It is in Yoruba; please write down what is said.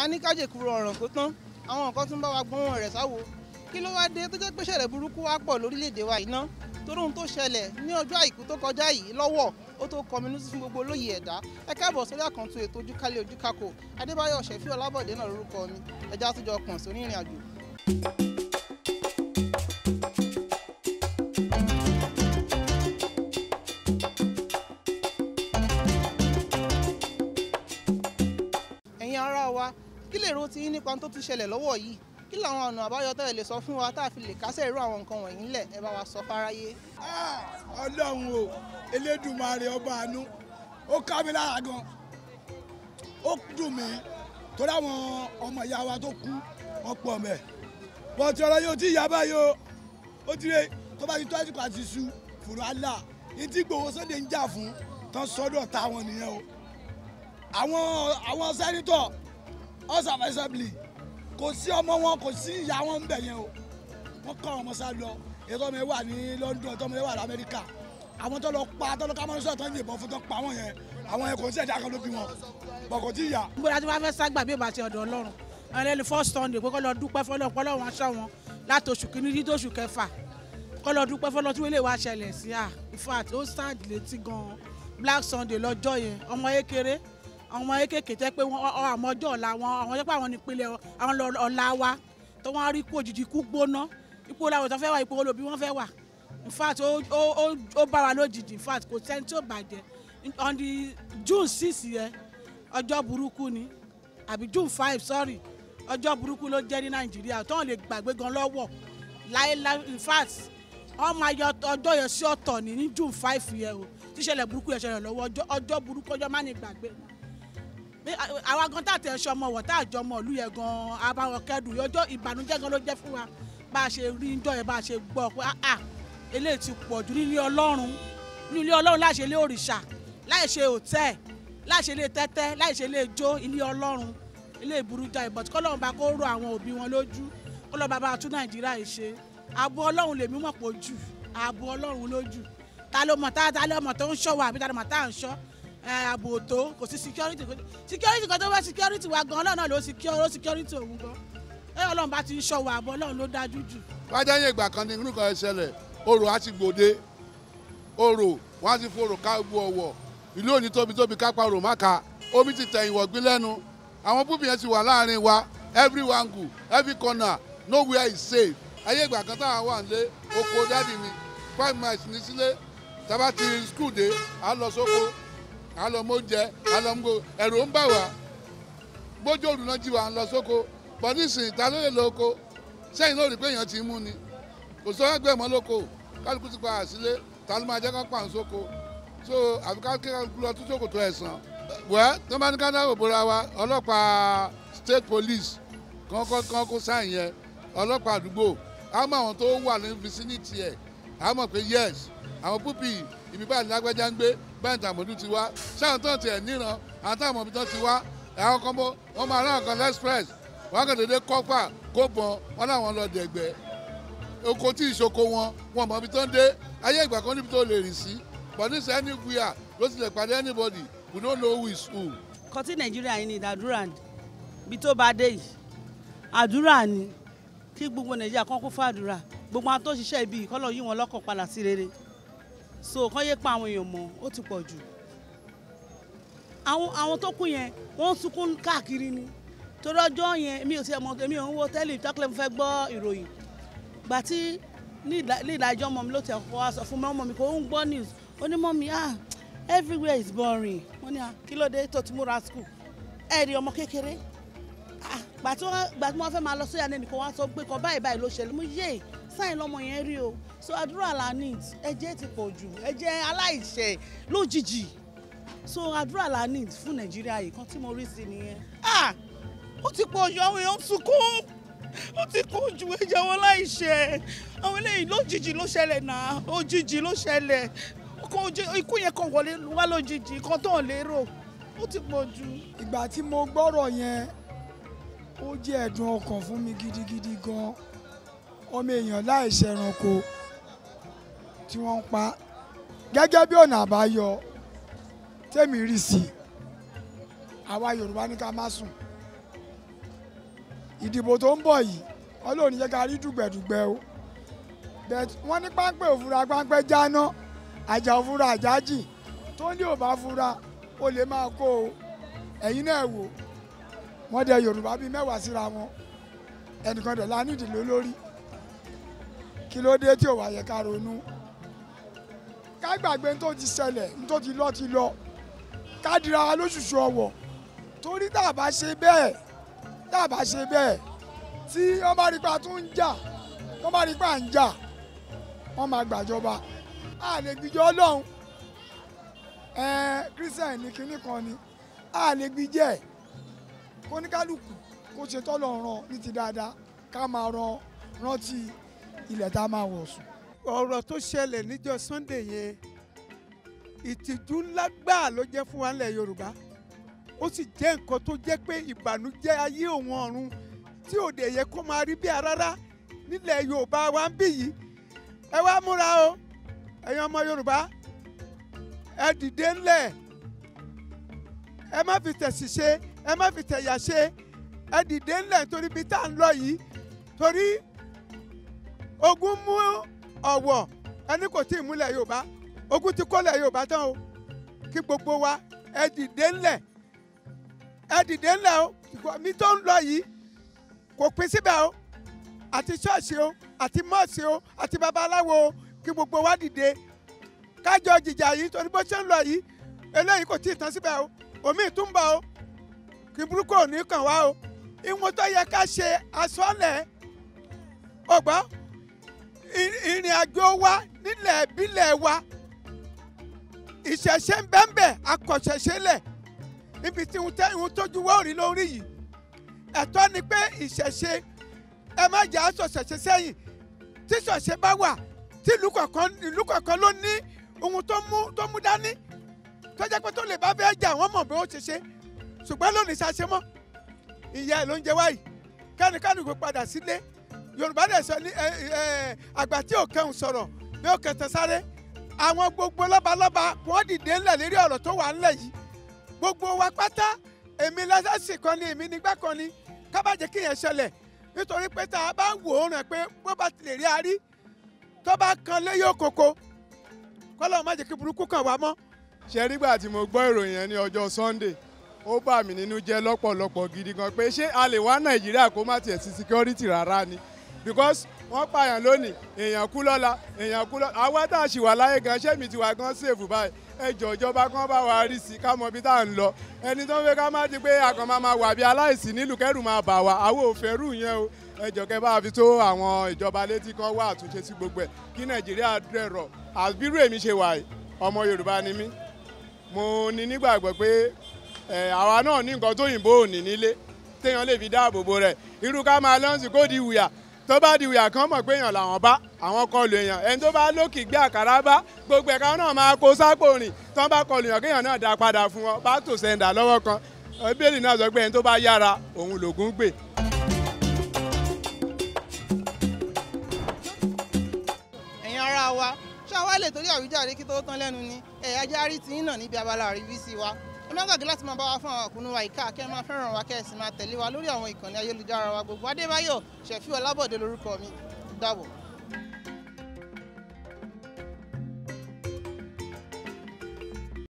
a ní kájèkúrò ọ̀ràn kó tán àwọn nǹkan tún bá wa gbọ́n rẹ̀ sáwo kí ló wá dé tó jẹ́ pé ṣẹlẹ̀ burúkú wá pọ̀ lórílẹ̀‐èdè wa iná torí ohun tó ṣẹlẹ̀ ní ọjọ́ àìkú tó kọjá yìí lọ́wọ́ ó tó kọmi ní sísun gbogbo olóyè ẹ̀dá ẹ káàbọ̀ sórí àkàntú ètò ojúkálẹ̀ ojúkàkò adébáyọ̀ ṣẹ̀fí ọlábọ̀dé náà lórúkọ mi ẹja àtúnjọ ọkàn sórí ìrìn àjò. lérò tí nípa tó tún ṣẹlẹ̀ lọ́wọ́ yìí kí làwọn ọ̀nà àbáyọ tẹ́lẹ̀ lè sọ fún wa tá a fi lè kásẹ̀ irú àwọn nǹkan wọ̀nyí lẹ̀ ẹ bá wa sọ fáráyé. Ah, ọlọ́run o elédùnmarè ọba àánú ó ká mi lára gan ó dùn mí torí àwọn ọmọ ìyá wa tó kú ọ̀pọ̀ mẹ́ bọ́tí ọ̀rọ̀ yóò tí ìyá báyìí o ó ti rẹ tó bá ti tó àsìkò àti su fùrọ̀ àlà ní tí Ìgbòho Sunday ń jà fún tán sọ́dọ̀ ta wọn nìyẹn o àwọn àwọn sẹ́nitọ̀ house of assembly kò sí ọmọ wọn kò sí ìyá wọn ń bẹ̀ yẹn o wọ́n kọ́ àwọn ọmọ sá lọ ètò ọmọ yẹn wà ní London ètò ọmọ yẹn wà ní Amẹ́ríkà àwọn tó lọ pa tó lọ ká mọ́nusọ́ tó ń yìnbọn fún tó pa wọ́n yẹn àwọn yẹn kò sí ẹ̀dá kan ló bí wọn bọ̀ kò tí ì yá. gbọ́dọ̀ tí wọ́n fẹ́ ságbà bí ìbàṣẹ ọ̀dọ̀ Ọlọ́run ẹlẹ́ni first Sunday pé kọ́ lọ dúpẹ́ fọlọ́ pọ́lọ́ wọn aṣọ wọn láti oṣù kìíní dí tóṣù kẹfà kọ́ lọ dúpẹ́ fọlọ́ tí wọ́n lè wá ṣẹlẹ̀ sí à ah, in fact ó sáàdì létí gan-an Black Sunday lọ́jọ́ yẹn ọmọ yẹn kéré àwọn kéékèèké tẹ́ pé àwọn ọjọ́ ọ̀la wọn àwọn tẹ́ pé àwọn nípínlẹ̀ àwọn ọ̀la wa tó wọ́n rí kú òjijì kú gbóná ipò làwọn tó fẹ́ wà ipò olóbi wọ́n fẹ́ wà in fact ó bá wa lójijì in fact kò sẹ́ni tó bàjẹ́ on the June six yẹn ọjọ́ burúkú ni àbí June five sorry ọjọ́ burúkú ló jẹ́ ní Nàìjíríà tó wọn lè gbàgbé gan lọ́wọ́ láéláé in fact wọ́n máa yọ ọjọ́ yẹn sí ọ̀tọ̀ ní June five yẹn o tíṣẹ̀lẹ̀ burúkú yẹn ṣẹlẹ̀ lọ́wọ́ ọjọ́ burúkú ọjọ́ má ní gbàgbé àwa gan tá àtẹ̀ ṣọmọ wọ̀ tá àjọmọ ìlú yẹn gan abáwọn kẹ́dùn ọjọ́ ìbànújẹ́ gan ló jẹ́ fún wa bá a ṣe rí njọ́ yẹn bá a ṣe gbọ́ pé a ah, ah, eléyìí ti pọ̀ jù nílé ọlọ́run nílé ọlọ́run láì ṣe ilé òrìṣà láì ṣe òtẹ́ láì ṣe ilé tẹ́tẹ́ láì ṣe ilé ijó ilé ọlọ́run ilé ìburújà ìbọ̀t kọ́lọ́run bá kó rọ àwọn òbí wọn lójú kọ́lọ́run bá bá tún nàìjíríà yìí ṣe ààbò ọlọ́run lèmi mọ̀ pọ̀ jù ààbò ọlọ́run lójú ta ló mọ̀ tá ta ló mọ̀ tó ń ṣọ́ wa àbí ta ló mọ̀ tá à ń ṣọ́ ààbò tó kò sí security security kan tó bá security wa gan ọlọ́run náà ló security òun gan ẹ ọlọ́run bá ti ń ṣọ́ wa àbọ̀ ọlọ́run ló dájú jù. wájà yẹn ìgbà kan ní irú kan ṣẹlẹ̀ orò á ti gbòde orò wọn á ti forò ká gbó ọwọ́ ìlú òní tóbi tóbi kápá orò má ka omi ti tẹ̀yìn wọ̀gbìn lẹ́nu àwọn púpù yẹn ti wà láàrin wa every angle every corner nowhere is safe ayé ìgbà kan táwọn wà nílé oko dádì mi five miles ní sílé tá a bá ti school dé à ń lọ sóko à ń lọ mọ oúnjẹ à ń lọ mọ ẹ̀rù ń bà wá gbójú òrùn náà jí wa ń lọ sóko bọ́dí ìsìn ìta ló lè lọ oko sẹ́yìn ló rí pé èèyàn ti mú ni kò sọ ẹgbẹ́ mọ́ lóko kálukú ti pa àsílé ta ló máa jẹ́ kán pàǹ sóko so àfi kálukú lọ tún sókòtò ẹ̀sán wẹ́ tó bá ní ká dáàbò bora wa ọlọ́pàá state police kan kọ́ kan kó sáyìn yẹn ọlọ́pàá àdúgbò àmọ́ àwọn tó wà ní vicinity ẹ̀ àmọ́ pé yes àwọn púpì ibi báyìí lágbájá ń gbé báyìí tàmọ̀dún ti wá ṣáà tó tiẹ̀ níran àtàwọn ọmọ ti wá àwọn kan bó wọn máa rán ọkàn express wọn kàn déédéé kọ́pà kó bọ̀n wọn làwọn lọ dẹ̀gbẹ́ oko tí ìṣoko wọn wọn mọ̀ ibi dé ayé ìgbà kan níbi tó lè rìn sí but this anywhere ló ti lè pàdé anybody we don't know who is who. kan tí nàìjíríà yìí ni ìdádúrà ibi tó bá dé yìí àdúrà ni kí gbogbo nàìjíríà kan kún fún àdúrà gbogbo àwọn tó ṣiṣẹ́ ibi ìkọlọ̀ yí wọn lọ́kàn padà sí rere so kán yé pa àwọn èèyàn mọ́ ó ti pọ̀ jù àwọn àwọn tó kù yẹn wọ́n sunkún káàkiri ni torí ọjọ́ yẹn èmi ò sí ẹ̀mọ́ èmi ò ń wo tẹ́lẹ̀ tọ́kílẹ̀ mo fẹ́ gbọ́ ìròyìn gbà tí ní ìdájọ́ ọmọ mi ló tẹ̀ kọ́ aṣọ fún mi ọmọ mi kò ń gbọ́ news ó ní mọ́ mi ah everywhere is boring wọ́n ní ah, kí ló dé tó ti múra school ẹ̀ rí ọmọ kékeré ah, gbà tí wọ́n fẹ́ máa lọ sóyà ní ẹnìkan wọ́n á sọ pé kan báyìí báyìí ló ṣẹlẹ̀ mo yé e sáyìn lọmọ yẹn rí o so àdúrà la need ẹ̀jẹ̀ ti pọ̀ jù ẹ̀jẹ̀ aláìṣẹ̀ lójijì so àdúrà la need fún nàìjíríà yìí kan tí mo rí sí nìyẹn ah ó ti pọ̀ jù àwọn èèyàn sunkún ó ti pọ̀ jù ẹ̀jẹ̀ wọn láìṣẹ̀ àwọn eléyìí lójijì ló ṣẹlẹ̀ náà òjijì ló ṣẹlẹ̀ ikú yẹn kan wọlé wá lójijì kan tó ń lérò ó ti pọ̀ jù. ìgbà tí mo gbọ́rọ̀ yẹn ó jẹ́ ẹ̀dùn ọkàn fún mi gidigidi gan-an ọmọ èèyàn láì ṣẹranko tí wọ́n ń pa gẹ́gẹ́ bí ọ̀nà àbáyọ tèmi rí sí àwa Yorùbá ní ká má sùn ìdìbò tó ń bọ̀ yìí Ọlọ́run jẹ́ ká rí dùgbẹ̀dùgbẹ̀ o wọ́n ní páńpẹ́ òfura páńpẹ́ jáná àjà òfura àjájì tó ní ò bá fura ó lè máa kó o ẹ̀yin náà wò wọ́n dẹ Yorùbá bíi mẹ́wàá síra wọn ẹnìkan dẹ̀ la nídìí lólórí kí ló dé tí ò wá yẹ ká ronú ká gbàgbé tó ti ṣẹlẹ̀ tó ti lọ ti lọ ká dira wa lóṣùṣù ọwọ̀ torí tá a bá ṣe bẹ́ẹ̀ tá a bá ṣe bẹ́ẹ̀ tí wọ́n bá rí pa tún ń jà wọ́n bá rí pa ń jà wọ́n máa gbàjọba a lè gbìjọ ọlọ́run kírísítẹ̀n ní kinní kan ni a lè gbìjẹ́ kóníkálùkù kó ṣe tọ́lọ̀ ràn ní ti dáadáa ká máa ràn rántí ilẹ̀ tá a máa wọ̀ sùn. ọ̀rọ̀ tó ṣẹlẹ̀ níjọ́ Sunday yẹn ìtìjú ńlá gbáà ló jẹ́ fún wa ńlẹ̀ Yorùbá ó sì jẹ́ nǹkan tó jẹ́ pé ìbànújẹ́ ayé òun ọ̀run tí òde yẹ kó máa rí bí rárá nílẹ̀ Yorùbá wa ń bì yìí ẹ wá múra o ẹ̀yin ọmọ Yorùbá ẹ dìde ńlẹ̀ ẹ má fi tẹ̀sí ṣe ẹ má fi tẹ̀yà ṣe ẹ dìde ńlẹ̀ torí bí tá à ń lọ yìí torí ogun mú ọ̀wọ̀ ẹni kò tí ì múlẹ̀ yorùbá ogun ti kọ́lẹ̀ yorùbá tán o kí gbogbo wa ẹ dìde ńlẹ̀ ẹ dìde ńlẹ̀ o mi tó ń lọ yìí kò pín síbẹ̀ o àti ṣọ́ọ̀ṣì o àti mọ́ọ̀sì o àti babaláwo o kí gbogbo wa dìde kájọ jìjà yìí torí bó ṣe ń lọ yìí eléyìí kò tí ì tán síbẹ̀ o omi ìtúnbà o kí burúkú ò ní kàn wá o ìwọ̀n tó yẹ ká ṣe aṣọ́lẹ̀ ọgbọ́n ìrìn àjò wa nílẹ̀ ìbílẹ̀ wa ìṣẹ̀ṣe ń bẹ́ẹ̀ bẹ́ẹ̀ akọ̀ṣẹ̀ṣe lẹ̀ níbi tí ìhun tójú wọ́n rí lórí yìí ẹ̀tọ́ ni pé ìṣẹ̀ṣe ẹ má jà á sọ̀ṣẹ̀ṣe sẹ́yìn tí ṣọ̀ṣe bá wà tí ìlú kọ̀ọ̀kan ìlú kọ̀ọ̀kan ló ní ohun tó mú tó mú dání tó jẹ́ pé tó lè bá fẹ́ jà wọ́n mọ̀ bí ó ṣe ṣe ṣùgbọ́n lónìí ṣàṣemọ́ ìyá ẹ̀ ló ń jẹ wáyìí kẹ́nikẹ́ni kò padà sílé yorùbá dẹ̀ sọ ní àgbà tí ò kẹun sọ̀rọ̀ bí ó kẹtẹ sáré àwọn gbogbo lọ́balọ́ba wọ́n dìde ńlẹ̀ lérí ọ̀rọ̀ tó wà ńlẹ̀ yìí gbogbo wa pátá èmi lásìsì kan ni èmi nígbà kan ni ká bá jẹ́ kí yẹn ṣẹlẹ̀ nítorí pé tá a bá ń wò ó rẹ̀ pé bó bá ti lè rí arí tó bá kan lé yóò koko má jẹ́ kí burúkú kàn wá mọ́. ṣe nígbà tí mo gbọ́ ìròyìn yẹn ní ọjọ́ Sunday ó bà mí nínú jẹ́ lọ́pọ̀lọpọ̀ gidi gan pé ṣé a lè wá Nàìjíríà kó má tiẹ̀ sí security rárá ni because wọ́n pààyàn lónìí èèyàn kú lọ́la èèyàn kú lọ́la àwa tá a sì wà láyé gan ṣé mi ti wà gan sèfù báyìí ẹjọ́ ìjọba kan bá wa rí sí ká mọ ibi tá à ń lọ ẹni tó ń fẹ́ ká má di pé àkàn máa ma wà bí aláìsí nílùú kẹ́rù máa bà wá àwọn òfẹ́rù yẹn o ẹjọ́ kẹ́ bá fi tó àwọn ìjọba létí kan wá àtúnṣe sí gbogbo ẹ̀ kí Nàìjíríà dẹ̀rọ̀ àbírú èmi ṣe wà yìí ọmọ Yorùbá ni mí mo ní nígbàgbọ́ pé àwa náà ní nǹkan tóyìnbó ò ní nílé téèyàn lè fi dáàbò bo rẹ̀ irú ká máa lọ́nsìn kó di ìwùyà tó bá di ìyà kan mọ̀ pé èèyàn làwọn bá àwọn kọlù èèyàn ẹni tó bá lókì gbé àkàrà bá gbogbo ẹ̀ka náà máa kó sápò rìn tó bá kọlù èèyàn kéèyàn náà dá padà fún wọn bá tò sẹ́ńdà lọ́wọ́ kan bíbélì náà sọ pé ẹni tó bá yára òun lògùn gbè. ẹ̀yin ara wa ṣé àwa lè torí àwíjàre kí tó tán lẹ́nu ni ẹ̀yà járí ti ń nà níbi abala àríwísí wa ẹ má gbàgbé láti máa bá wa fún àwọn àkúnú wa ìka kẹ́ ẹ máa fẹ́ràn wa kẹ́ ẹ sì máa tẹ̀lé wa lórí àwọn ìkànnì ayélujára wa gbogbo adébáyọ̀ ṣẹ̀fí ọlábọ̀dé lórúkọ mi dábọ̀.